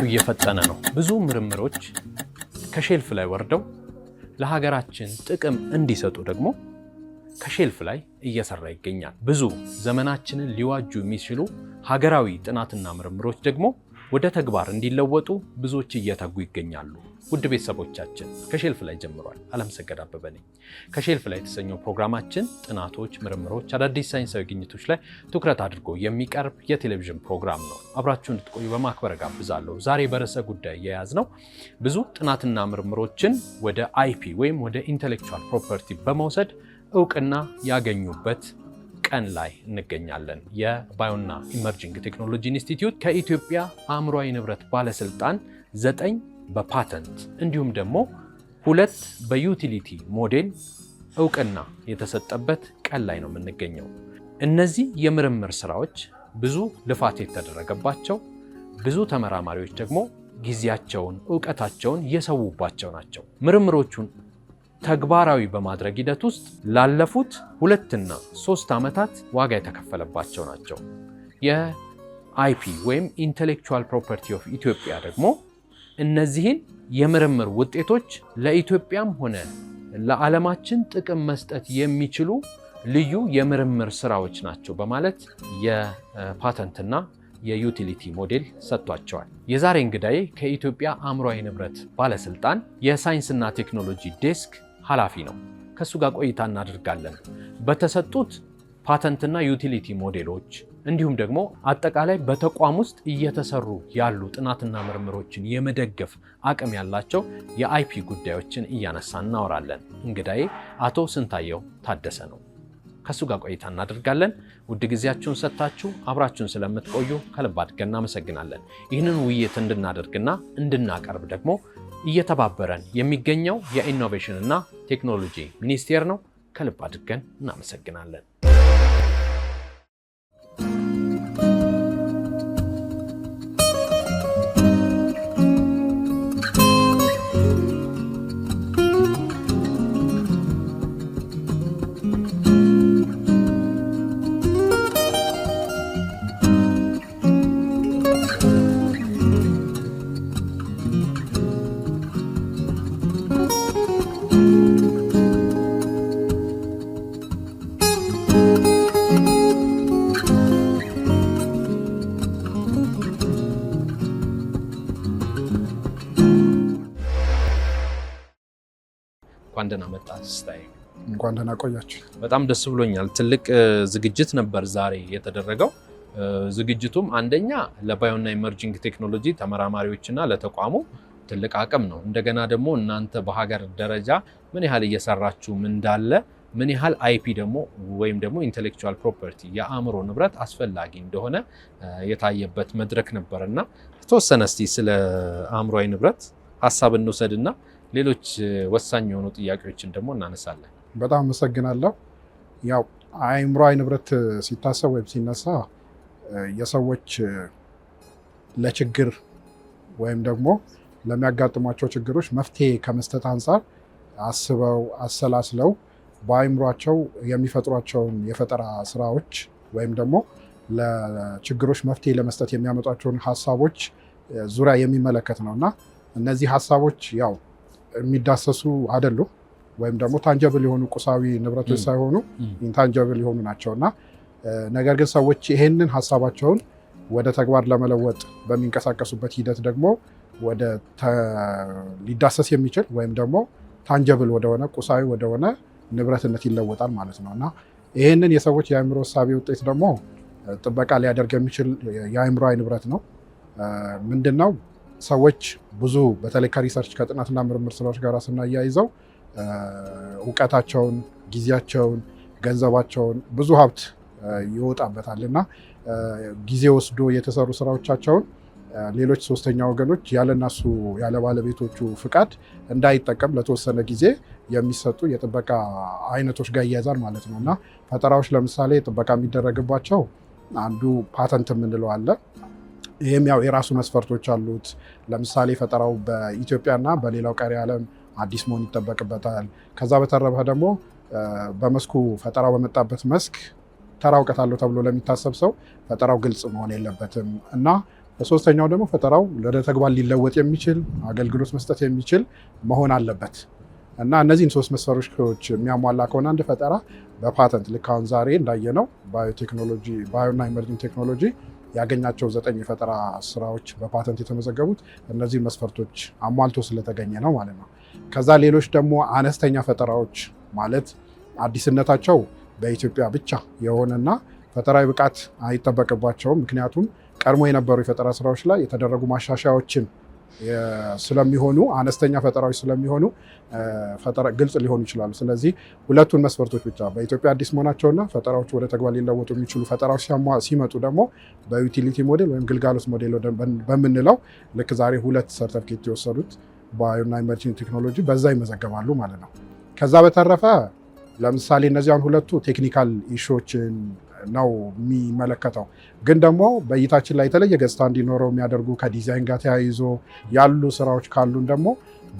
እድገቱ እየፈጠነ ነው። ብዙ ምርምሮች ከሼልፍ ላይ ወርደው ለሀገራችን ጥቅም እንዲሰጡ ደግሞ ከሼልፍ ላይ እየሰራ ይገኛል። ብዙ ዘመናችንን ሊዋጁ የሚችሉ ሀገራዊ ጥናትና ምርምሮች ደግሞ ወደ ተግባር እንዲለወጡ ብዙዎች እየተጉ ይገኛሉ። ውድ ቤተሰቦቻችን ከሼልፍ ላይ ጀምሯል። አለምሰገድ አበበ ነኝ። ከሼልፍ ላይ የተሰኘው ፕሮግራማችን ጥናቶች፣ ምርምሮች፣ አዳዲስ ሳይንሳዊ ግኝቶች ላይ ትኩረት አድርጎ የሚቀርብ የቴሌቪዥን ፕሮግራም ነው። አብራችሁ እንድትቆዩ በማክበር ጋብዛለሁ። ዛሬ በርዕሰ ጉዳይ የያዝ ነው ብዙ ጥናትና ምርምሮችን ወደ አይፒ ወይም ወደ ኢንቴሌክቹዋል ፕሮፐርቲ በመውሰድ እውቅና ያገኙበት ቀን ላይ እንገኛለን። የባዮና ኢመርጂንግ ቴክኖሎጂ ኢንስቲትዩት ከኢትዮጵያ አእምሯዊ ንብረት ባለስልጣን ዘጠኝ በፓተንት እንዲሁም ደግሞ ሁለት በዩቲሊቲ ሞዴል እውቅና የተሰጠበት ቀን ላይ ነው የምንገኘው። እነዚህ የምርምር ስራዎች ብዙ ልፋት የተደረገባቸው፣ ብዙ ተመራማሪዎች ደግሞ ጊዜያቸውን እውቀታቸውን የሰዉባቸው ናቸው። ምርምሮቹን ተግባራዊ በማድረግ ሂደት ውስጥ ላለፉት ሁለትና ሶስት ዓመታት ዋጋ የተከፈለባቸው ናቸው። የአይፒ ወይም ኢንቴሌክቹዋል ፕሮፐርቲ ኦፍ ኢትዮጵያ ደግሞ እነዚህን የምርምር ውጤቶች ለኢትዮጵያም ሆነ ለዓለማችን ጥቅም መስጠት የሚችሉ ልዩ የምርምር ስራዎች ናቸው በማለት የፓተንትና የዩቲሊቲ ሞዴል ሰጥቷቸዋል። የዛሬ እንግዳዬ ከኢትዮጵያ አእምሯዊ ንብረት ባለስልጣን የሳይንስና ቴክኖሎጂ ዴስክ ኃላፊ ነው። ከእሱ ጋር ቆይታ እናደርጋለን። በተሰጡት ፓተንትና ዩቲሊቲ ሞዴሎች እንዲሁም ደግሞ አጠቃላይ በተቋም ውስጥ እየተሰሩ ያሉ ጥናትና ምርምሮችን የመደገፍ አቅም ያላቸው የአይፒ ጉዳዮችን እያነሳ እናወራለን። እንግዳዬ አቶ ስንታየው ታደሰ ነው። ከእሱ ጋር ቆይታ እናደርጋለን። ውድ ጊዜያችሁን ሰጥታችሁ አብራችሁን ስለምትቆዩ ከልብ አድርገን እናመሰግናለን። ይህንን ውይይት እንድናደርግና እንድናቀርብ ደግሞ እየተባበረን የሚገኘው የኢኖቬሽንና ቴክኖሎጂ ሚኒስቴር ነው። ከልብ አድርገን እናመሰግናለን። እንኳን ደህና ቆያችሁ። በጣም ደስ ብሎኛል። ትልቅ ዝግጅት ነበር ዛሬ የተደረገው። ዝግጅቱም አንደኛ ለባዮና ኢመርጂንግ ቴክኖሎጂ ተመራማሪዎችና ለተቋሙ ትልቅ አቅም ነው። እንደገና ደግሞ እናንተ በሀገር ደረጃ ምን ያህል እየሰራችሁም እንዳለ ምን ያህል አይፒ ደግሞ ወይም ደግሞ ኢንቴሌክቹዋል ፕሮፐርቲ የአእምሮ ንብረት አስፈላጊ እንደሆነ የታየበት መድረክ ነበር እና ተወሰነ እስቲ ስለ አእምሯዊ ንብረት ሀሳብ እንውሰድና ሌሎች ወሳኝ የሆኑ ጥያቄዎችን ደግሞ እናነሳለን። በጣም አመሰግናለሁ። ያው አእምሯዊ ንብረት ሲታሰብ ወይም ሲነሳ የሰዎች ለችግር ወይም ደግሞ ለሚያጋጥሟቸው ችግሮች መፍትሄ ከመስጠት አንጻር አስበው አሰላስለው በአእምሯቸው የሚፈጥሯቸውን የፈጠራ ስራዎች ወይም ደግሞ ለችግሮች መፍትሄ ለመስጠት የሚያመጧቸውን ሀሳቦች ዙሪያ የሚመለከት ነው እና እነዚህ ሀሳቦች ያው የሚዳሰሱ አይደሉም። ወይም ደግሞ ታንጀብል የሆኑ ቁሳዊ ንብረቶች ሳይሆኑ ኢንታንጀብል የሆኑ ናቸው እና ነገር ግን ሰዎች ይሄንን ሀሳባቸውን ወደ ተግባር ለመለወጥ በሚንቀሳቀሱበት ሂደት ደግሞ ወደ ሊዳሰስ የሚችል ወይም ደግሞ ታንጀብል ወደሆነ ቁሳዊ ወደሆነ ንብረትነት ይለወጣል ማለት ነው እና ይህንን የሰዎች የአእምሮ እሳቤ ውጤት ደግሞ ጥበቃ ሊያደርግ የሚችል የአእምሮዊ ንብረት ነው። ምንድን ነው ሰዎች ብዙ በተለይ ከሪሰርች ከጥናትና ምርምር ስራዎች ጋር ስናያይዘው እውቀታቸውን፣ ጊዜያቸውን፣ ገንዘባቸውን ብዙ ሀብት ይወጣበታል እና ጊዜ ወስዶ የተሰሩ ስራዎቻቸውን ሌሎች ሶስተኛ ወገኖች ያለናሱ ያለ ባለቤቶቹ ፍቃድ እንዳይጠቀም ለተወሰነ ጊዜ የሚሰጡ የጥበቃ አይነቶች ጋር ይያዛል ማለት ነው እና ፈጠራዎች ለምሳሌ ጥበቃ የሚደረግባቸው አንዱ ፓተንት የምንለው አለ። ይህም ያው የራሱ መስፈርቶች አሉት። ለምሳሌ ፈጠራው በኢትዮጵያና በሌላው ቀሪ ዓለም አዲስ መሆን ይጠበቅበታል። ከዛ በተረፈ ደግሞ በመስኩ ፈጠራው በመጣበት መስክ ተራ እውቀት አለው ተብሎ ለሚታሰብ ሰው ፈጠራው ግልጽ መሆን የለበትም እና በሶስተኛው ደግሞ ፈጠራው ወደ ተግባር ሊለወጥ የሚችል አገልግሎት መስጠት የሚችል መሆን አለበት እና እነዚህን ሶስት መስፈሮች የሚያሟላ ከሆነ አንድ ፈጠራ በፓተንት ልክ አሁን ዛሬ እንዳየነው ባዮቴክኖሎጂ ባዮና ኢመርጂንግ ቴክኖሎጂ ያገኛቸው ዘጠኝ የፈጠራ ስራዎች በፓተንት የተመዘገቡት እነዚህ መስፈርቶች አሟልቶ ስለተገኘ ነው ማለት ነው። ከዛ ሌሎች ደግሞ አነስተኛ ፈጠራዎች ማለት አዲስነታቸው በኢትዮጵያ ብቻ የሆነና ፈጠራዊ ብቃት አይጠበቅባቸውም። ምክንያቱም ቀድሞ የነበሩ የፈጠራ ስራዎች ላይ የተደረጉ ማሻሻያዎችን ስለሚሆኑ አነስተኛ ፈጠራዎች ስለሚሆኑ ግልጽ ሊሆኑ ይችላሉ። ስለዚህ ሁለቱን መስፈርቶች ብቻ በኢትዮጵያ አዲስ መሆናቸውና ፈጠራዎች ወደ ተግባር ሊለወጡ የሚችሉ ፈጠራዎች ሲመጡ ደግሞ በዩቲሊቲ ሞዴል ወይም ግልጋሎት ሞዴል በምንለው ልክ ዛሬ ሁለት ሰርተፍኬት የወሰዱት በባዮና ኢመርጂንግ ቴክኖሎጂ በዛ ይመዘገባሉ ማለት ነው። ከዛ በተረፈ ለምሳሌ እነዚያን ሁለቱ ቴክኒካል ኢሹዎችን ነው የሚመለከተው። ግን ደግሞ በእይታችን ላይ የተለየ ገጽታ እንዲኖረው የሚያደርጉ ከዲዛይን ጋር ተያይዞ ያሉ ስራዎች ካሉን ደግሞ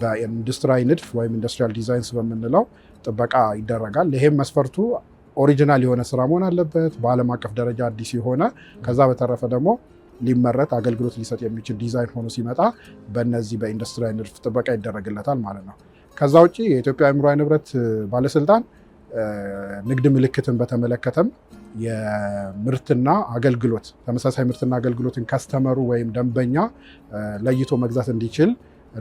በኢንዱስትሪያዊ ንድፍ ወይም ኢንዱስትሪያል ዲዛይንስ በምንለው ጥበቃ ይደረጋል። ይሄም መስፈርቱ ኦሪጂናል የሆነ ስራ መሆን አለበት፣ በዓለም አቀፍ ደረጃ አዲስ የሆነ ከዛ በተረፈ ደግሞ ሊመረት አገልግሎት ሊሰጥ የሚችል ዲዛይን ሆኖ ሲመጣ በነዚህ በኢንዱስትሪያዊ ንድፍ ጥበቃ ይደረግለታል ማለት ነው። ከዛ ውጭ የኢትዮጵያ አእምሯዊ ንብረት ባለስልጣን ንግድ ምልክትን በተመለከተም የምርትና አገልግሎት ተመሳሳይ ምርትና አገልግሎትን ከስተመሩ ወይም ደንበኛ ለይቶ መግዛት እንዲችል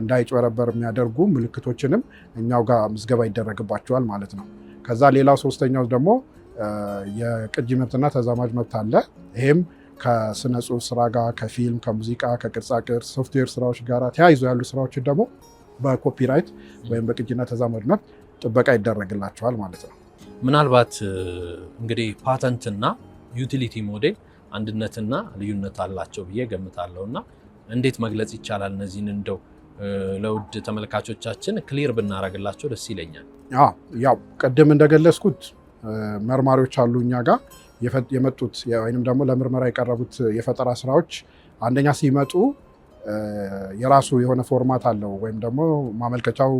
እንዳይጭበረበር የሚያደርጉ ምልክቶችንም እኛው ጋር ምዝገባ ይደረግባቸዋል ማለት ነው። ከዛ ሌላው ሶስተኛው ደግሞ የቅጂ መብትና ተዛማጅ መብት አለ። ይህም ከስነ ጽሁፍ ስራ ጋር ከፊልም፣ ከሙዚቃ፣ ከቅርጻቅርጽ፣ ሶፍትዌር ስራዎች ጋር ተያይዞ ያሉ ስራዎችን ደግሞ በኮፒራይት ወይም በቅጂና ተዛማጅነት ጥበቃ ይደረግላቸዋል ማለት ነው። ምናልባት እንግዲህ ፓተንትና ዩቲሊቲ ሞዴል አንድነትና ልዩነት አላቸው ብዬ ገምታለሁ እና እንዴት መግለጽ ይቻላል? እነዚህን እንደው ለውድ ተመልካቾቻችን ክሊር ብናደርግላቸው ደስ ይለኛል። ያው ቅድም እንደገለጽኩት መርማሪዎች አሉ እኛ ጋር የመጡት ወይም ደግሞ ለምርመራ የቀረቡት የፈጠራ ስራዎች አንደኛ ሲመጡ የራሱ የሆነ ፎርማት አለው ወይም ደግሞ ማመልከቻው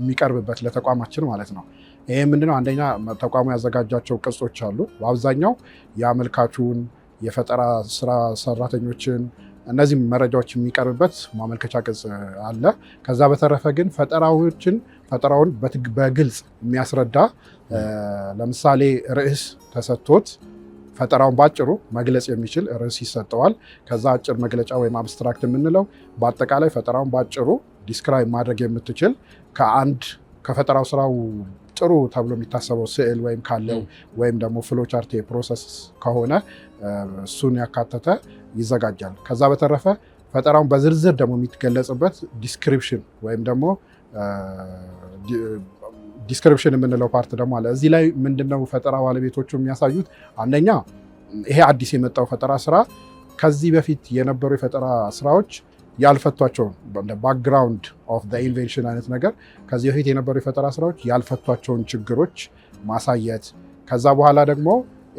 የሚቀርብበት ለተቋማችን ማለት ነው። ይህ ምንድነው? አንደኛ ተቋሙ ያዘጋጃቸው ቅጾች አሉ። በአብዛኛው የአመልካቹን የፈጠራ ስራ ሰራተኞችን እነዚህ መረጃዎች የሚቀርብበት ማመልከቻ ቅጽ አለ። ከዛ በተረፈ ግን ፈጠራዎችን ፈጠራውን በግልጽ የሚያስረዳ ለምሳሌ ርዕስ ተሰጥቶት ፈጠራውን ባጭሩ መግለጽ የሚችል ርዕስ ይሰጠዋል። ከዛ አጭር መግለጫ ወይም አብስትራክት የምንለው በአጠቃላይ ፈጠራውን ባጭሩ ዲስክራይብ ማድረግ የምትችል ከአንድ ከፈጠራው ስራው ጥሩ ተብሎ የሚታሰበው ስዕል ወይም ካለው ወይም ደግሞ ፍሎቻርት ፕሮሰስ ከሆነ እሱን ያካተተ ይዘጋጃል። ከዛ በተረፈ ፈጠራውን በዝርዝር ደግሞ የሚገለጽበት ዲስክሪፕሽን ወይም ደግሞ ዲስክሪፕሽን የምንለው ፓርት ደግሞ አለ። እዚህ ላይ ምንድነው ፈጠራ ባለቤቶቹ የሚያሳዩት? አንደኛ ይሄ አዲስ የመጣው ፈጠራ ስራ ከዚህ በፊት የነበሩ የፈጠራ ስራዎች ያልፈቷቸው ባክግራውንድ ኦፍ ኢንቬንሽን አይነት ነገር ከዚህ በፊት የነበሩ የፈጠራ ስራዎች ያልፈቷቸውን ችግሮች ማሳየት ከዛ በኋላ ደግሞ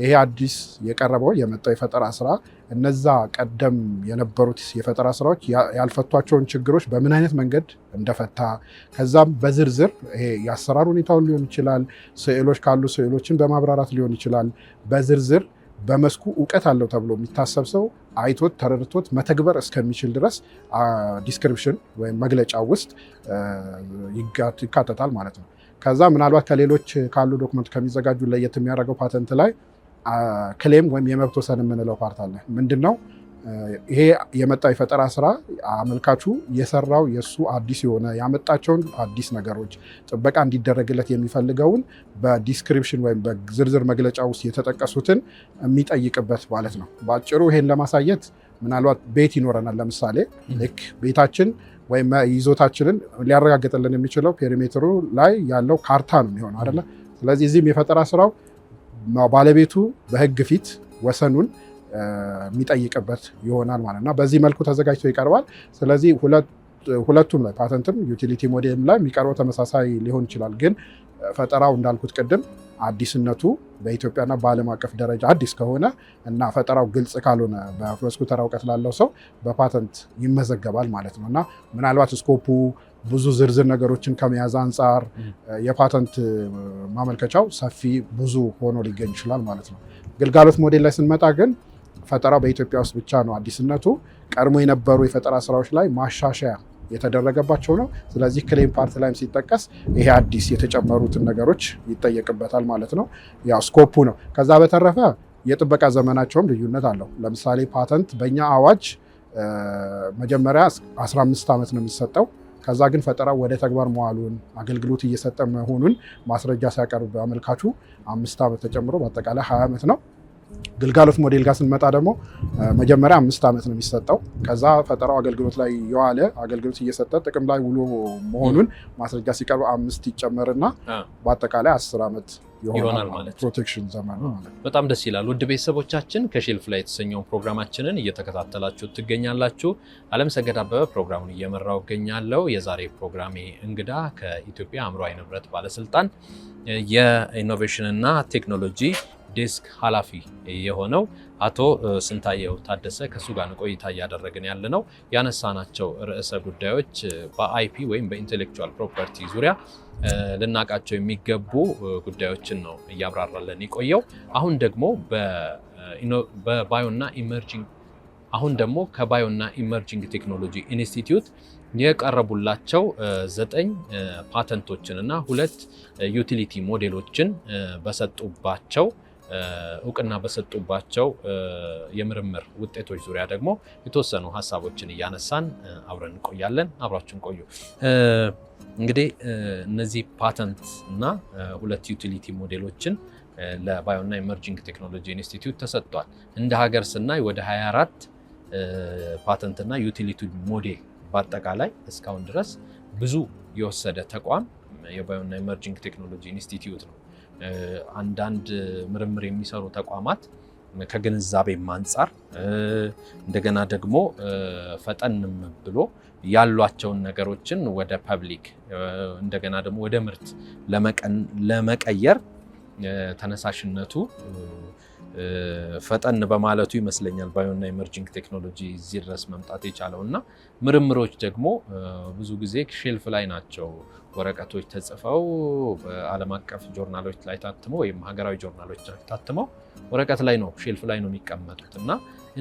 ይሄ አዲስ የቀረበው የመጣው የፈጠራ ስራ እነዛ ቀደም የነበሩት የፈጠራ ስራዎች ያልፈቷቸውን ችግሮች በምን አይነት መንገድ እንደፈታ ከዛም በዝርዝር ይሄ የአሰራር ሁኔታውን ሊሆን ይችላል፣ ስዕሎች ካሉ ስዕሎችን በማብራራት ሊሆን ይችላል። በዝርዝር በመስኩ እውቀት አለው ተብሎ የሚታሰብ ሰው አይቶት ተረድቶት መተግበር እስከሚችል ድረስ ዲስክሪፕሽን ወይም መግለጫ ውስጥ ይካተታል ማለት ነው። ከዛ ምናልባት ከሌሎች ካሉ ዶክመንት ከሚዘጋጁ ለየት የሚያደርገው ፓተንት ላይ ክሌም ወይም የመብት ወሰን የምንለው ፓርት አለ። ምንድን ነው ይሄ የመጣው የፈጠራ ስራ አመልካቹ የሰራው የእሱ አዲስ የሆነ ያመጣቸውን አዲስ ነገሮች ጥበቃ እንዲደረግለት የሚፈልገውን በዲስክሪፕሽን ወይም በዝርዝር መግለጫ ውስጥ የተጠቀሱትን የሚጠይቅበት ማለት ነው። በአጭሩ ይሄን ለማሳየት ምናልባት ቤት ይኖረናል። ለምሳሌ ልክ ቤታችን ወይም ይዞታችንን ሊያረጋግጥልን የሚችለው ፔሪሜትሩ ላይ ያለው ካርታ ነው የሚሆነው አይደለ? ስለዚህ እዚህም የፈጠራ ስራው ባለቤቱ በህግ ፊት ወሰኑን የሚጠይቅበት ይሆናል ማለት ነው። በዚህ መልኩ ተዘጋጅቶ ይቀርባል። ስለዚህ ሁለቱም ላይ ፓተንትም ዩቲሊቲ ሞዴልም ላይ የሚቀርበው ተመሳሳይ ሊሆን ይችላል። ግን ፈጠራው እንዳልኩት ቅድም አዲስነቱ በኢትዮጵያና በዓለም አቀፍ ደረጃ አዲስ ከሆነ እና ፈጠራው ግልጽ ካልሆነ በፍሎስኩተር እውቀት ላለው ሰው በፓተንት ይመዘገባል ማለት ነው እና ምናልባት ስኮፑ ብዙ ዝርዝር ነገሮችን ከመያዝ አንጻር የፓተንት ማመልከቻው ሰፊ ብዙ ሆኖ ሊገኝ ይችላል ማለት ነው። ግልጋሎት ሞዴል ላይ ስንመጣ ግን ፈጠራው በኢትዮጵያ ውስጥ ብቻ ነው አዲስነቱ። ቀድሞ የነበሩ የፈጠራ ስራዎች ላይ ማሻሻያ የተደረገባቸው ነው። ስለዚህ ክሌም ፓርት ላይም ሲጠቀስ ይሄ አዲስ የተጨመሩትን ነገሮች ይጠየቅበታል ማለት ነው። ያው ስኮፑ ነው። ከዛ በተረፈ የጥበቃ ዘመናቸውም ልዩነት አለው። ለምሳሌ ፓተንት በእኛ አዋጅ መጀመሪያ 15 ዓመት ነው የሚሰጠው ከዛ ግን ፈጠራ ወደ ተግባር መዋሉን አገልግሎት እየሰጠ መሆኑን ማስረጃ ሲያቀርብ አመልካቹ አምስት ዓመት ተጨምሮ በአጠቃላይ ሀያ ዓመት ነው ግልጋሎት ሞዴል ጋር ስንመጣ ደግሞ መጀመሪያ አምስት ዓመት ነው የሚሰጠው። ከዛ ፈጠራው አገልግሎት ላይ የዋለ አገልግሎት እየሰጠ ጥቅም ላይ ውሎ መሆኑን ማስረጃ ሲቀርብ አምስት ይጨመርና በአጠቃላይ አስር ዓመት ይሆናል ማለት ፕሮቴክሽን ዘመን ማለት በጣም ደስ ይላል። ውድ ቤተሰቦቻችን ከሼልፍ ላይ የተሰኘውን ፕሮግራማችንን እየተከታተላችሁ ትገኛላችሁ። አለም ሰገድ አበበ ፕሮግራሙን እየመራው እገኛለሁ። የዛሬ ፕሮግራሜ እንግዳ ከኢትዮጵያ አእምሯዊ ንብረት ባለስልጣን የኢኖቬሽንና ቴክኖሎጂ ዴስክ ኃላፊ የሆነው አቶ ስንታየው ታደሰ ከእሱ ጋር ቆይታ እያደረግን ያለ ነው። ያነሳናቸው ርዕሰ ጉዳዮች በአይፒ ወይም በኢንቴሌክቹዋል ፕሮፐርቲ ዙሪያ ልናውቃቸው የሚገቡ ጉዳዮችን ነው እያብራራለን የቆየው። አሁን ደግሞ በባዮና ኢመርጂንግ አሁን ደግሞ ከባዮና ኢመርጂንግ ቴክኖሎጂ ኢንስቲትዩት የቀረቡላቸው ዘጠኝ ፓተንቶችን እና ሁለት ዩቲሊቲ ሞዴሎችን በሰጡባቸው እውቅና በሰጡባቸው የምርምር ውጤቶች ዙሪያ ደግሞ የተወሰኑ ሀሳቦችን እያነሳን አብረን እንቆያለን። አብራችን ቆዩ። እንግዲህ እነዚህ ፓተንት እና ሁለት ዩቲሊቲ ሞዴሎችን ለባዮና ኢመርጂንግ ቴክኖሎጂ ኢንስቲትዩት ተሰጥቷል። እንደ ሀገር ስናይ ወደ 24 ፓተንትና ዩቲሊቲ ሞዴል በአጠቃላይ እስካሁን ድረስ ብዙ የወሰደ ተቋም የባዮና ኢመርጂንግ ቴክኖሎጂ ኢንስቲትዩት ነው። አንዳንድ ምርምር የሚሰሩ ተቋማት ከግንዛቤም አንጻር እንደገና ደግሞ ፈጠንም ብሎ ያሏቸውን ነገሮችን ወደ ፐብሊክ እንደገና ደግሞ ወደ ምርት ለመቀየር ተነሳሽነቱ ፈጠን በማለቱ ይመስለኛል ባዮና ኢመርጂንግ ቴክኖሎጂ እዚህ ድረስ መምጣት የቻለው እና ምርምሮች ደግሞ ብዙ ጊዜ ሼልፍ ላይ ናቸው። ወረቀቶች ተጽፈው በዓለም አቀፍ ጆርናሎች ላይ ታትመው ወይም ሀገራዊ ጆርናሎች ላይ ታትመው ወረቀት ላይ ነው ሼልፍ ላይ ነው የሚቀመጡት እና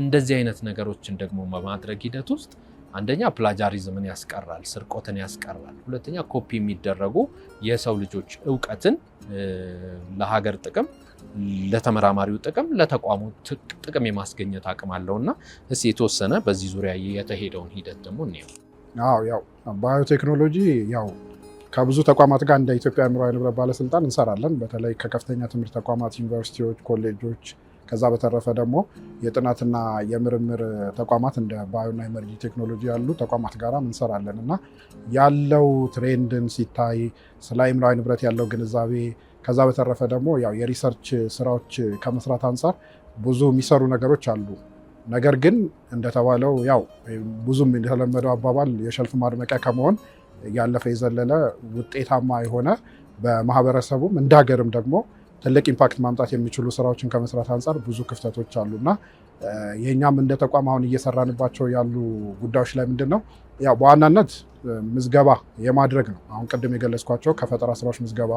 እንደዚህ አይነት ነገሮችን ደግሞ በማድረግ ሂደት ውስጥ አንደኛ ፕላጃሪዝምን ያስቀራል፣ ስርቆትን ያስቀራል። ሁለተኛ ኮፒ የሚደረጉ የሰው ልጆች እውቀትን ለሀገር ጥቅም ለተመራማሪው ጥቅም ለተቋሙ ጥቅም የማስገኘት አቅም አለው እና እስ የተወሰነ በዚህ ዙሪያ የተሄደውን ሂደት ደግሞ እንየው። አዎ ያው ባዮቴክኖሎጂ ያው ከብዙ ተቋማት ጋር እንደ ኢትዮጵያ አእምሯዊ ንብረት ባለስልጣን እንሰራለን። በተለይ ከከፍተኛ ትምህርት ተቋማት፣ ዩኒቨርሲቲዎች፣ ኮሌጆች ከዛ በተረፈ ደግሞ የጥናትና የምርምር ተቋማት እንደ ባዮና ኤመርጂ ቴክኖሎጂ ያሉ ተቋማት ጋራም እንሰራለን እና ያለው ትሬንድን ሲታይ ስለ አእምሯዊ ንብረት ያለው ግንዛቤ ከዛ በተረፈ ደግሞ ያው የሪሰርች ስራዎች ከመስራት አንጻር ብዙ የሚሰሩ ነገሮች አሉ። ነገር ግን እንደተባለው ያው ብዙም የተለመደው አባባል የሸልፍ ማድመቂያ ከመሆን ያለፈ የዘለለ ውጤታማ የሆነ በማህበረሰቡም እንደ ሀገርም ደግሞ ትልቅ ኢምፓክት ማምጣት የሚችሉ ስራዎችን ከመስራት አንጻር ብዙ ክፍተቶች አሉና የእኛም እንደ ተቋም አሁን እየሰራንባቸው ያሉ ጉዳዮች ላይ ምንድን ነው ያው በዋናነት ምዝገባ የማድረግ ነው። አሁን ቅድም የገለጽኳቸው ከፈጠራ ስራዎች ምዝገባ፣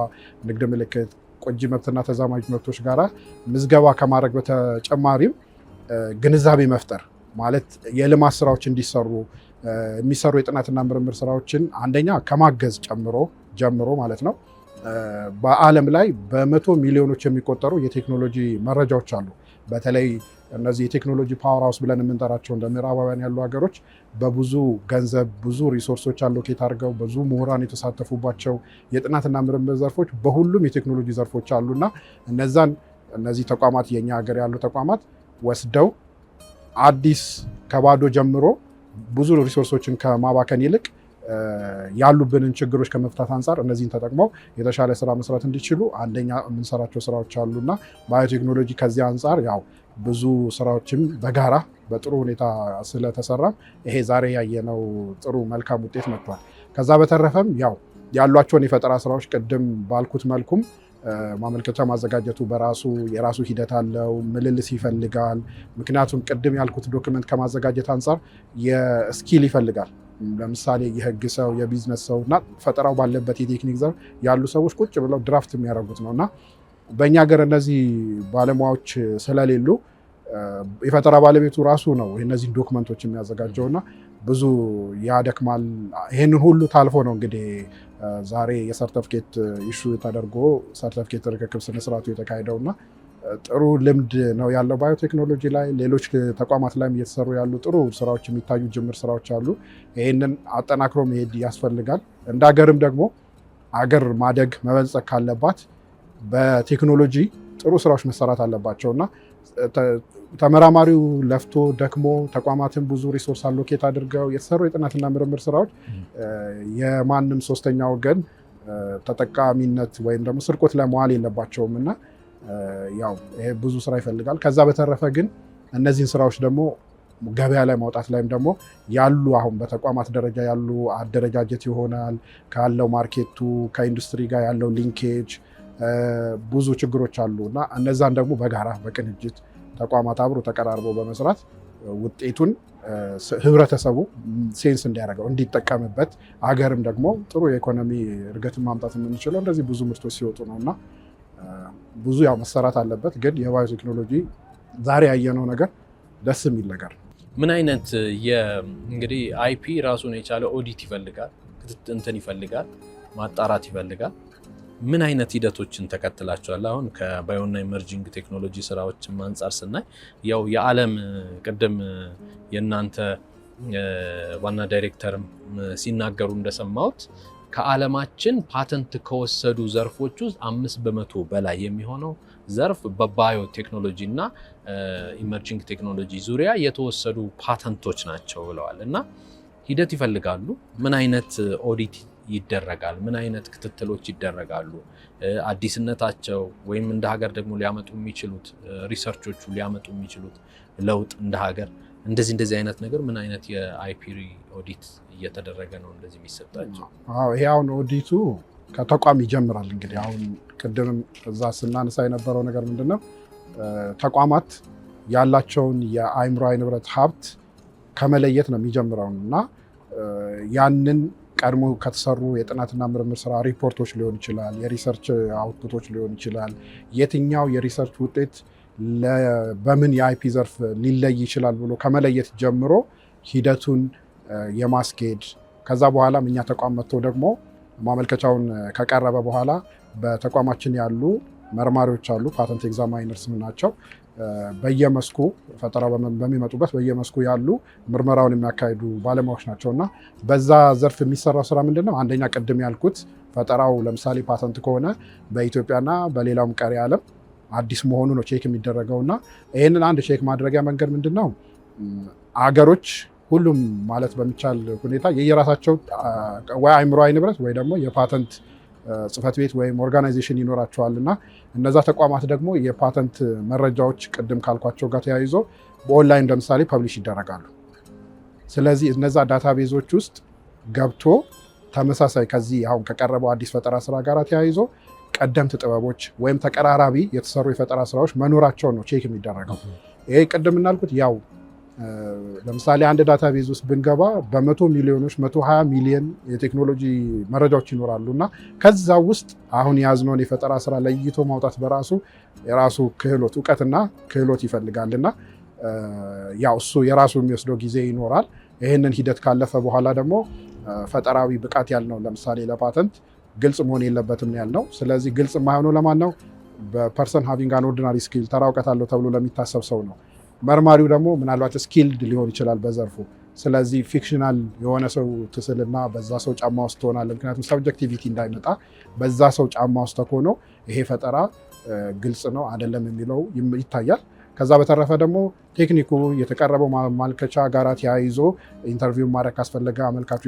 ንግድ ምልክት፣ ቁጂ መብትና ተዛማጅ መብቶች ጋራ ምዝገባ ከማድረግ በተጨማሪም ግንዛቤ መፍጠር ማለት የልማት ስራዎች እንዲሰሩ የሚሰሩ የጥናትና ምርምር ስራዎችን አንደኛ ከማገዝ ጨምሮ ጀምሮ ማለት ነው በዓለም ላይ በመቶ ሚሊዮኖች የሚቆጠሩ የቴክኖሎጂ መረጃዎች አሉ። በተለይ እነዚህ የቴክኖሎጂ ፓወር ሃውስ ብለን የምንጠራቸው እንደ ምዕራባውያን ያሉ ሀገሮች በብዙ ገንዘብ ብዙ ሪሶርሶች አሎኬት አድርገው ብዙ ምሁራን የተሳተፉባቸው የጥናትና ምርምር ዘርፎች በሁሉም የቴክኖሎጂ ዘርፎች አሉና እነዛን እነዚህ ተቋማት የኛ ሀገር ያሉ ተቋማት ወስደው አዲስ ከባዶ ጀምሮ ብዙ ሪሶርሶችን ከማባከን ይልቅ ያሉብንን ችግሮች ከመፍታት አንጻር እነዚህን ተጠቅመው የተሻለ ስራ መስራት እንዲችሉ አንደኛ የምንሰራቸው ስራዎች አሉና ባዮቴክኖሎጂ ከዚህ አንጻር ያው ብዙ ስራዎችም በጋራ በጥሩ ሁኔታ ስለተሰራ ይሄ ዛሬ ያየነው ጥሩ መልካም ውጤት መጥቷል። ከዛ በተረፈም ያው ያሏቸውን የፈጠራ ስራዎች ቅድም ባልኩት መልኩም ማመልከቻ ማዘጋጀቱ በራሱ የራሱ ሂደት አለው፣ ምልልስ ይፈልጋል። ምክንያቱም ቅድም ያልኩት ዶክመንት ከማዘጋጀት አንጻር የስኪል ይፈልጋል ለምሳሌ የህግ ሰው፣ የቢዝነስ ሰው እና ፈጠራው ባለበት የቴክኒክ ዘር ያሉ ሰዎች ቁጭ ብለው ድራፍት የሚያደርጉት ነው እና በእኛ ሀገር እነዚህ ባለሙያዎች ስለሌሉ የፈጠራ ባለቤቱ ራሱ ነው እነዚህን ዶክመንቶች የሚያዘጋጀው እና ብዙ ያደክማል። ይህንን ሁሉ ታልፎ ነው እንግዲህ ዛሬ የሰርተፍኬት ኢሹ ተደርጎ ሰርተፍኬት ርክክብ ስነስርዓቱ የተካሄደው እና ጥሩ ልምድ ነው ያለው ባዮቴክኖሎጂ ላይ፣ ሌሎች ተቋማት ላይም እየተሰሩ ያሉ ጥሩ ስራዎች የሚታዩ ጅምር ስራዎች አሉ። ይህንን አጠናክሮ መሄድ ያስፈልጋል። እንደ ሀገርም ደግሞ አገር ማደግ መበልጸግ ካለባት በቴክኖሎጂ ጥሩ ስራዎች መሰራት አለባቸው እና ተመራማሪው ለፍቶ ደክሞ ተቋማትን ብዙ ሪሶርስ አሎኬት አድርገው የተሰሩ የጥናትና ምርምር ስራዎች የማንም ሶስተኛ ወገን ተጠቃሚነት ወይም ደግሞ ስርቆት ለመዋል የለባቸውም እና ያው ይሄ ብዙ ስራ ይፈልጋል። ከዛ በተረፈ ግን እነዚህን ስራዎች ደግሞ ገበያ ላይ ማውጣት ላይም ደግሞ ያሉ አሁን በተቋማት ደረጃ ያሉ አደረጃጀት ይሆናል ካለው ማርኬቱ ከኢንዱስትሪ ጋር ያለው ሊንኬጅ ብዙ ችግሮች አሉ እና እነዛን ደግሞ በጋራ በቅንጅት ተቋማት አብሮ ተቀራርቦ በመስራት ውጤቱን ህብረተሰቡ ሴንስ እንዲያደርገው እንዲጠቀምበት አገርም ደግሞ ጥሩ የኢኮኖሚ እድገትን ማምጣት የምንችለው እንደዚህ ብዙ ምርቶች ሲወጡ ነው እና ብዙ ያው መሰራት አለበት፣ ግን የባዮ ቴክኖሎጂ ዛሬ ያየነው ነገር ደስ የሚል ነገር ምን አይነት እንግዲህ አይፒ ራሱን የቻለ ኦዲት ይፈልጋል፣ ክትትንትን ይፈልጋል፣ ማጣራት ይፈልጋል። ምን አይነት ሂደቶችን ተከትላቸዋል? አሁን ከባዮና ኢመርጂንግ ቴክኖሎጂ ስራዎችን አንጻር ስናይ ያው የዓለም ቅድም የእናንተ ዋና ዳይሬክተርም ሲናገሩ እንደሰማሁት ከዓለማችን ፓተንት ከወሰዱ ዘርፎች ውስጥ አምስት በመቶ በላይ የሚሆነው ዘርፍ በባዮ ቴክኖሎጂ እና ኢመርጂንግ ቴክኖሎጂ ዙሪያ የተወሰዱ ፓተንቶች ናቸው ብለዋል እና ሂደት ይፈልጋሉ። ምን አይነት ኦዲት ይደረጋል? ምን አይነት ክትትሎች ይደረጋሉ? አዲስነታቸው ወይም እንደ ሀገር ደግሞ ሊያመጡ የሚችሉት ሪሰርቾቹ ሊያመጡ የሚችሉት ለውጥ እንደ ሀገር እንደዚህ እንደዚህ አይነት ነገር ምን አይነት የአይፒ ኦዲት እየተደረገ ነው እንደዚህ የሚሰጣቸው? ይሄ አሁን ኦዲቱ ከተቋም ይጀምራል። እንግዲህ አሁን ቅድምም እዛ ስናነሳ የነበረው ነገር ምንድን ነው ተቋማት ያላቸውን የአእምሯዊ ንብረት ሀብት ከመለየት ነው የሚጀምረው እና ያንን ቀድሞ ከተሰሩ የጥናትና ምርምር ስራ ሪፖርቶች ሊሆን ይችላል፣ የሪሰርች አውትፑቶች ሊሆን ይችላል። የትኛው የሪሰርች ውጤት በምን የአይፒ ዘርፍ ሊለይ ይችላል ብሎ ከመለየት ጀምሮ ሂደቱን የማስኬድ ከዛ በኋላም እኛ ተቋም መጥቶ ደግሞ ማመልከቻውን ከቀረበ በኋላ በተቋማችን ያሉ መርማሪዎች አሉ፣ ፓተንት ኤግዛማይነርስ ምናቸው በየመስኩ ፈጠራ በሚመጡበት በየመስኩ ያሉ ምርመራውን የሚያካሂዱ ባለሙያዎች ናቸው እና በዛ ዘርፍ የሚሰራው ስራ ምንድን ነው? አንደኛ ቅድም ያልኩት ፈጠራው ለምሳሌ ፓተንት ከሆነ በኢትዮጵያና በሌላውም ቀሪ ዓለም አዲስ መሆኑ ነው ቼክ የሚደረገው እና ይህንን አንድ ቼክ ማድረጊያ መንገድ ምንድን ነው አገሮች ሁሉም ማለት በሚቻል ሁኔታ የየራሳቸው ወይ አእምሯዊ ንብረት ወይ ደግሞ የፓተንት ጽህፈት ቤት ወይም ኦርጋናይዜሽን ይኖራቸዋል እና እነዛ ተቋማት ደግሞ የፓተንት መረጃዎች ቅድም ካልኳቸው ጋር ተያይዞ በኦንላይን ለምሳሌ ፐብሊሽ ይደረጋሉ። ስለዚህ እነዛ ዳታቤዞች ውስጥ ገብቶ ተመሳሳይ ከዚህ አሁን ከቀረበው አዲስ ፈጠራ ስራ ጋር ተያይዞ ቀደምት ጥበቦች ወይም ተቀራራቢ የተሰሩ የፈጠራ ስራዎች መኖራቸውን ነው ቼክ የሚደረገው። ይሄ ቅድም እናልኩት ያው ለምሳሌ አንድ ዳታ ቤዝ ውስጥ ብንገባ በመቶ ሚሊዮኖች መቶ ሀያ ሚሊዮን የቴክኖሎጂ መረጃዎች ይኖራሉ እና ከዛ ውስጥ አሁን የያዝነውን የፈጠራ ስራ ለይቶ ማውጣት በራሱ የራሱ ክህሎት እውቀትና ክህሎት ይፈልጋል እና ያው እሱ የራሱ የሚወስደው ጊዜ ይኖራል። ይህንን ሂደት ካለፈ በኋላ ደግሞ ፈጠራዊ ብቃት ያልነው ለምሳሌ ለፓተንት ግልጽ መሆን የለበትም ነው ያልነው። ስለዚህ ግልጽ የማይሆነው ለማን ነው? በፐርሰን ሃቪንግ አን ኦርዲናሪ ስኪል ተራ እውቀት አለው ተብሎ ለሚታሰብ ሰው ነው። መርማሪው ደግሞ ምናልባት ስኪልድ ሊሆን ይችላል በዘርፉ። ስለዚህ ፊክሽናል የሆነ ሰው ትስልና በዛ ሰው ጫማ ውስጥ ትሆናለ። ምክንያቱም ሰብጀክቲቪቲ እንዳይመጣ በዛ ሰው ጫማ ውስጥ ተኮኖ ይሄ ፈጠራ ግልጽ ነው አይደለም የሚለው ይታያል። ከዛ በተረፈ ደግሞ ቴክኒኩ የተቀረበው ማመልከቻ ጋራ ተያይዞ ኢንተርቪው ማድረግ ካስፈለገ አመልካቹ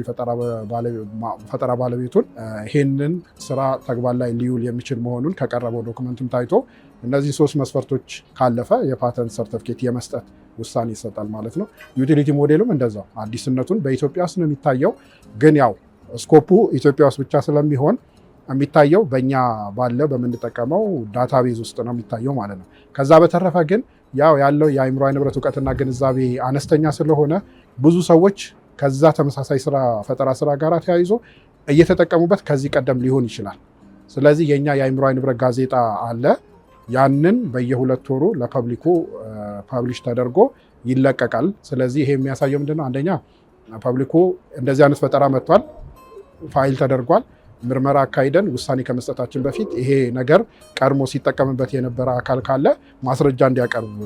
ፈጠራ ባለቤቱን ይህንን ስራ ተግባር ላይ ሊውል የሚችል መሆኑን ከቀረበው ዶክመንትም ታይቶ እነዚህ ሶስት መስፈርቶች ካለፈ የፓተንት ሰርተፍኬት የመስጠት ውሳኔ ይሰጣል ማለት ነው። ዩቲሊቲ ሞዴሉም እንደዛው አዲስነቱን በኢትዮጵያ ውስጥ ነው የሚታየው። ግን ያው ስኮፑ ኢትዮጵያ ውስጥ ብቻ ስለሚሆን የሚታየው በእኛ ባለ በምንጠቀመው ዳታቤዝ ውስጥ ነው የሚታየው ማለት ነው። ከዛ በተረፈ ግን ያው ያለው የአእምሯዊ ንብረት እውቀትና ግንዛቤ አነስተኛ ስለሆነ ብዙ ሰዎች ከዛ ተመሳሳይ ስራ ፈጠራ ስራ ጋር ተያይዞ እየተጠቀሙበት ከዚህ ቀደም ሊሆን ይችላል። ስለዚህ የኛ የአእምሯዊ ንብረት ጋዜጣ አለ። ያንን በየሁለት ወሩ ለፐብሊኩ ፐብሊሽ ተደርጎ ይለቀቃል። ስለዚህ ይሄ የሚያሳየው ምንድነው? አንደኛ ፐብሊኩ እንደዚህ አይነት ፈጠራ መጥቷል፣ ፋይል ተደርጓል ምርመራ አካሂደን ውሳኔ ከመስጠታችን በፊት ይሄ ነገር ቀድሞ ሲጠቀምበት የነበረ አካል ካለ ማስረጃ እንዲያቀርብ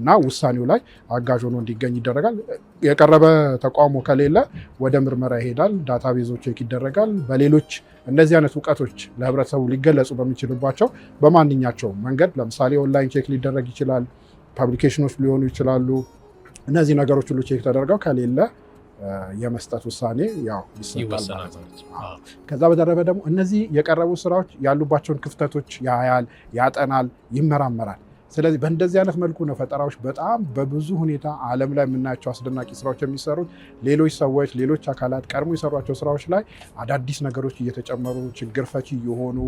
እና ውሳኔው ላይ አጋዥ ሆኖ እንዲገኝ ይደረጋል። የቀረበ ተቋሞ ከሌለ ወደ ምርመራ ይሄዳል። ቤዞች ቼክ ይደረጋል። በሌሎች እነዚህ አይነት እውቀቶች ለህብረተሰቡ ሊገለጹ በሚችሉባቸው በማንኛቸውም መንገድ ለምሳሌ ኦንላይን ቼክ ሊደረግ ይችላል። ፐብሊኬሽኖች ሊሆኑ ይችላሉ። እነዚህ ነገሮች ሁሉ ቼክ ተደርገው ከሌለ የመስጠት ውሳኔ ያው ይሰጣል። ከዛ በተረፈ ደግሞ እነዚህ የቀረቡ ስራዎች ያሉባቸውን ክፍተቶች ያያል፣ ያጠናል፣ ይመራመራል። ስለዚህ በእንደዚህ አይነት መልኩ ነው ፈጠራዎች በጣም በብዙ ሁኔታ ዓለም ላይ የምናያቸው አስደናቂ ስራዎች የሚሰሩት። ሌሎች ሰዎች፣ ሌሎች አካላት ቀድሞ የሰሯቸው ስራዎች ላይ አዳዲስ ነገሮች እየተጨመሩ ችግር ፈቺ የሆኑ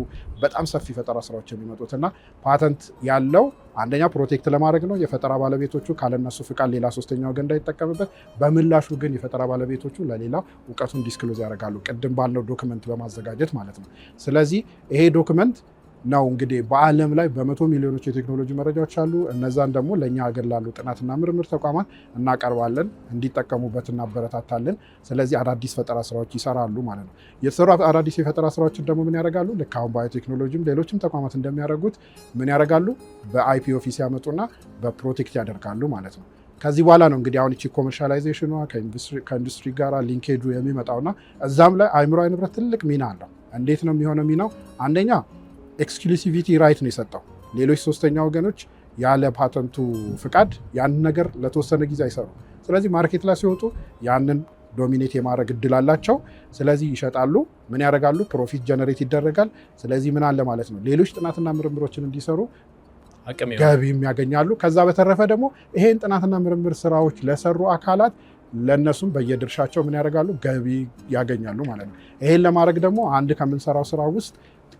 በጣም ሰፊ ፈጠራ ስራዎች የሚመጡት እና ፓተንት ያለው አንደኛ ፕሮቴክት ለማድረግ ነው የፈጠራ ባለቤቶቹ ካለነሱ ፍቃድ ሌላ ሶስተኛ ወገን እንዳይጠቀምበት፣ በምላሹ ግን የፈጠራ ባለቤቶቹ ለሌላ እውቀቱን ዲስክሎዝ ያደርጋሉ፣ ቅድም ባልነው ዶክመንት በማዘጋጀት ማለት ነው። ስለዚህ ይሄ ዶክመንት ነው እንግዲህ በዓለም ላይ በመቶ ሚሊዮኖች የቴክኖሎጂ መረጃዎች አሉ። እነዛን ደግሞ ለእኛ ሀገር ላሉ ጥናትና ምርምር ተቋማት እናቀርባለን፣ እንዲጠቀሙበት እናበረታታለን። ስለዚህ አዳዲስ ፈጠራ ስራዎች ይሰራሉ ማለት ነው። የተሰሩ አዳዲስ የፈጠራ ስራዎችን ደግሞ ምን ያደርጋሉ? ልክ አሁን ባዮቴክኖሎጂም ሌሎችም ተቋማት እንደሚያደርጉት ምን ያደርጋሉ? በአይፒ ኦፊስ ያመጡና በፕሮቴክት ያደርጋሉ ማለት ነው። ከዚህ በኋላ ነው እንግዲህ አሁን ቺ ኮመርሻላይዜሽኗ ከኢንዱስትሪ ጋር ሊንኬጁ የሚመጣውና እዛም ላይ አእምሯዊ ንብረት ትልቅ ሚና አለው። እንዴት ነው የሚሆነው ሚናው? አንደኛ ኤክስክሉሲቪቲ ራይት ነው የሰጠው። ሌሎች ሶስተኛ ወገኖች ያለ ፓተንቱ ፍቃድ ያንን ነገር ለተወሰነ ጊዜ አይሰሩ። ስለዚህ ማርኬት ላይ ሲወጡ ያንን ዶሚኔት የማድረግ እድል አላቸው። ስለዚህ ይሸጣሉ። ምን ያደርጋሉ? ፕሮፊት ጀነሬት ይደረጋል። ስለዚህ ምን አለ ማለት ነው ሌሎች ጥናትና ምርምሮችን እንዲሰሩ ገቢም ያገኛሉ። ከዛ በተረፈ ደግሞ ይሄን ጥናትና ምርምር ስራዎች ለሰሩ አካላት ለእነሱም በየድርሻቸው ምን ያደርጋሉ? ገቢ ያገኛሉ ማለት ነው። ይሄን ለማድረግ ደግሞ አንድ ከምንሰራው ስራ ውስጥ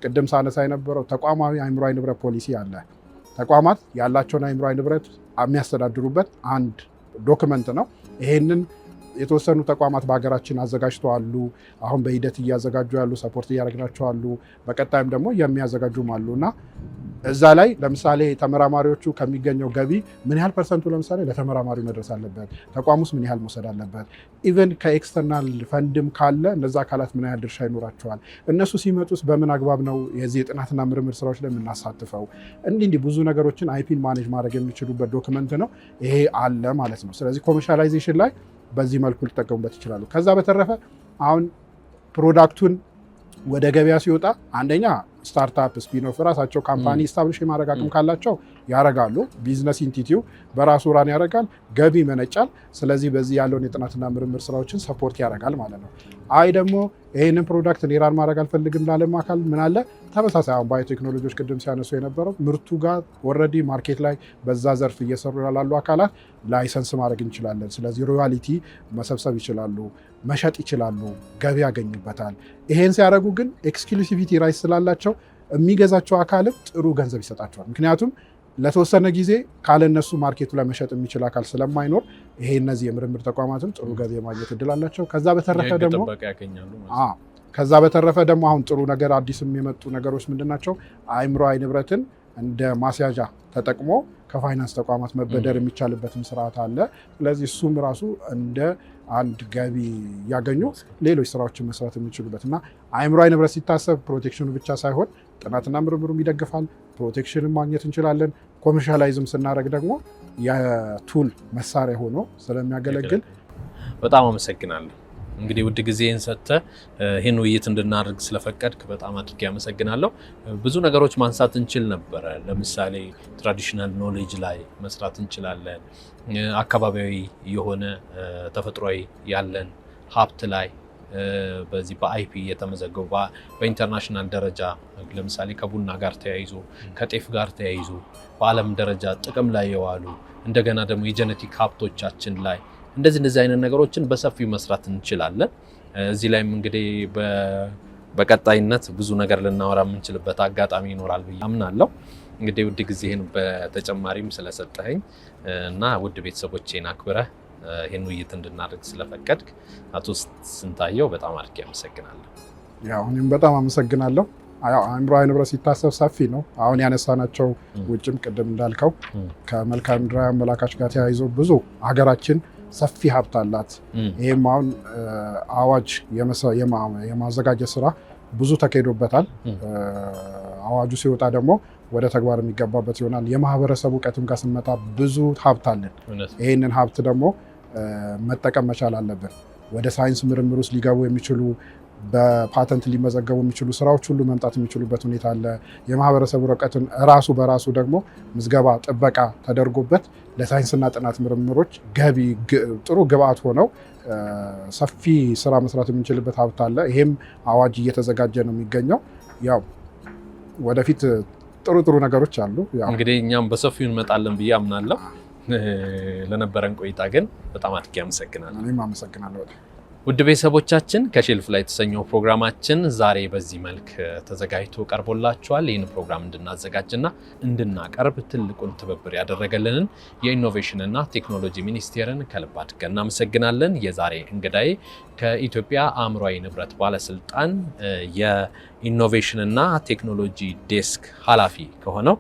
ቅድም ሳነሳ የነበረው ተቋማዊ አእምሯዊ ንብረት ፖሊሲ አለ። ተቋማት ያላቸውን አእምሯዊ ንብረት የሚያስተዳድሩበት አንድ ዶክመንት ነው። ይሄንን የተወሰኑ ተቋማት በሀገራችን አዘጋጅተዋሉ። አሁን በሂደት እያዘጋጁ ያሉ ሰፖርት እያደረግናቸው አሉ። በቀጣይም ደግሞ የሚያዘጋጁም አሉ እና እዛ ላይ ለምሳሌ ተመራማሪዎቹ ከሚገኘው ገቢ ምን ያህል ፐርሰንቱ ለምሳሌ ለተመራማሪ መድረስ አለበት፣ ውስጥ ምን ያህል መውሰድ አለበት፣ ኢቨን ከኤክስተርናል ፈንድም ካለ እነዚ አካላት ምን ያህል ድርሻ ይኖራቸዋል፣ እነሱ ሲመጡስ በምን አግባብ ነው የዚህ የጥናትና ምርምር ስራዎች ላይ የምናሳትፈው፣ እንዲህ እንዲህ ብዙ ነገሮችን አይፒን ማኔጅ ማድረግ የሚችሉበት ዶክመንት ነው ይሄ አለ ማለት ነው። ስለዚህ ኮመርሻላይዜሽን ላይ በዚህ መልኩ ሊጠቀሙበት ይችላሉ። ከዛ በተረፈ አሁን ፕሮዳክቱን ወደ ገበያ ሲወጣ አንደኛ ስታርታፕ ስፒኖፍ ራሳቸው ካምፓኒ ስታብሊሽ የማድረግ አቅም ካላቸው ያረጋሉ። ቢዝነስ ኢንቲቲው በራሱ ራን ያረጋል፣ ገቢ መነጫል። ስለዚህ በዚህ ያለውን የጥናትና ምርምር ስራዎችን ሰፖርት ያረጋል ማለት ነው። አይ ደግሞ ይህንን ፕሮዳክት እኔ ራን ማድረግ አልፈልግም ላለም አካል አለ ተመሳሳይ አሁን ባዮቴክኖሎጂዎች ቅድም ሲያነሱ የነበረው ምርቱ ጋር ኦልሬዲ ማርኬት ላይ በዛ ዘርፍ እየሰሩ ያላሉ አካላት ላይሰንስ ማድረግ እንችላለን። ስለዚህ ሮያሊቲ መሰብሰብ ይችላሉ፣ መሸጥ ይችላሉ፣ ገቢ ያገኙበታል። ይሄን ሲያደርጉ ግን ኤክስክሉሲቪቲ ራይት ስላላቸው የሚገዛቸው አካልም ጥሩ ገንዘብ ይሰጣቸዋል። ምክንያቱም ለተወሰነ ጊዜ ካለ እነሱ ማርኬቱ ላይ መሸጥ የሚችል አካል ስለማይኖር ይሄ እነዚህ የምርምር ተቋማትም ጥሩ ገንዘብ የማግኘት እድል አላቸው። ከዛ በተረፈ ደግሞ ከዛ በተረፈ ደግሞ አሁን ጥሩ ነገር አዲስም የመጡ ነገሮች ምንድን ናቸው? አእምሯዊ ንብረትን እንደ ማስያዣ ተጠቅሞ ከፋይናንስ ተቋማት መበደር የሚቻልበትም ስርዓት አለ። ስለዚህ እሱም ራሱ እንደ አንድ ገቢ ያገኙ ሌሎች ስራዎችን መስራት የሚችሉበት እና አእምሯዊ ንብረት ሲታሰብ ፕሮቴክሽኑ ብቻ ሳይሆን ጥናትና ምርምሩም ይደግፋል። ፕሮቴክሽንን ማግኘት እንችላለን። ኮመርሻላይዝም ስናደርግ ደግሞ የቱል መሳሪያ ሆኖ ስለሚያገለግል በጣም አመሰግናለሁ። እንግዲህ ውድ ጊዜን ሰጥተ ይህን ውይይት እንድናደርግ ስለፈቀድክ በጣም አድርጌ አመሰግናለሁ። ብዙ ነገሮች ማንሳት እንችል ነበረ። ለምሳሌ ትራዲሽናል ኖሌጅ ላይ መስራት እንችላለን። አካባቢያዊ የሆነ ተፈጥሯዊ ያለን ሀብት ላይ በዚህ በአይፒ የተመዘገቡ በኢንተርናሽናል ደረጃ ለምሳሌ ከቡና ጋር ተያይዞ ከጤፍ ጋር ተያይዞ በዓለም ደረጃ ጥቅም ላይ የዋሉ እንደገና ደግሞ የጀነቲክ ሀብቶቻችን ላይ እንደዚህ እንደዚህ አይነት ነገሮችን በሰፊው መስራት እንችላለን። እዚህ ላይም እንግዲህ በቀጣይነት ብዙ ነገር ልናወራ የምንችልበት አጋጣሚ ይኖራል ብዬ አምናለሁ። እንግዲህ ውድ ጊዜህን በተጨማሪም ስለሰጠኝ እና ውድ ቤተሰቦቼን አክብረህ ይህን ውይይት እንድናደርግ ስለፈቀድክ አቶ ስንታየው በጣም አድርጌ አመሰግናለሁ። ያው እኔም በጣም አመሰግናለሁ። አእምሯዊ ንብረት ሲታሰብ ሰፊ ነው። አሁን ያነሳናቸው ውጭም ቅድም እንዳልከው ከመልካም ምድራዊ አመላካች ጋር ተያይዞ ብዙ ሀገራችን ሰፊ ሀብት አላት። ይህም አሁን አዋጅ የማዘጋጀት ስራ ብዙ ተካሂዶበታል። አዋጁ ሲወጣ ደግሞ ወደ ተግባር የሚገባበት ይሆናል። የማህበረሰቡ እውቀትም ጋር ስንመጣ ብዙ ሀብት አለን። ይህንን ሀብት ደግሞ መጠቀም መቻል አለብን። ወደ ሳይንስ ምርምር ውስጥ ሊገቡ የሚችሉ በፓተንት ሊመዘገቡ የሚችሉ ስራዎች ሁሉ መምጣት የሚችሉበት ሁኔታ አለ። የማህበረሰቡ ርቀትን ራሱ በራሱ ደግሞ ምዝገባ፣ ጥበቃ ተደርጎበት ለሳይንስና ጥናት ምርምሮች ገቢ ጥሩ ግብአት ሆነው ሰፊ ስራ መስራት የምንችልበት ሀብት አለ። ይሄም አዋጅ እየተዘጋጀ ነው የሚገኘው ያው ወደፊት ጥሩ ጥሩ ነገሮች አሉ። እንግዲህ እኛም በሰፊው እንመጣለን ብዬ አምናለሁ። ለነበረን ቆይታ ግን በጣም አድጌ አመሰግናለሁ። እኔም አመሰግናለሁ። ውድ ቤተሰቦቻችን ከሼልፍ ላይ የተሰኘው ፕሮግራማችን ዛሬ በዚህ መልክ ተዘጋጅቶ ቀርቦላችኋል። ይህን ፕሮግራም እንድናዘጋጅና እንድናቀርብ ትልቁን ትብብር ያደረገልንን የኢኖቬሽንና ቴክኖሎጂ ሚኒስቴርን ከልብ አድርገን እናመሰግናለን። የዛሬ እንግዳዬ ከኢትዮጵያ አእምሯዊ ንብረት ባለስልጣን ኢኖቬሽን እና ቴክኖሎጂ ዴስክ ኃላፊ ከሆነው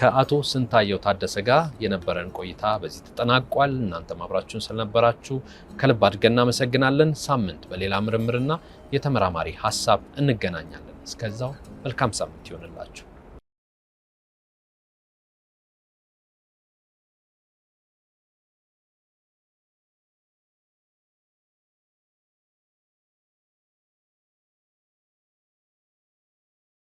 ከአቶ ስንታየው ታደሰ ጋር የነበረን ቆይታ በዚህ ተጠናቋል። እናንተ ማብራችሁን ስለነበራችሁ ከልብ አድርገን እናመሰግናለን። ሳምንት በሌላ ምርምርና የተመራማሪ ሀሳብ እንገናኛለን። እስከዛው መልካም ሳምንት ይሆንላችሁ።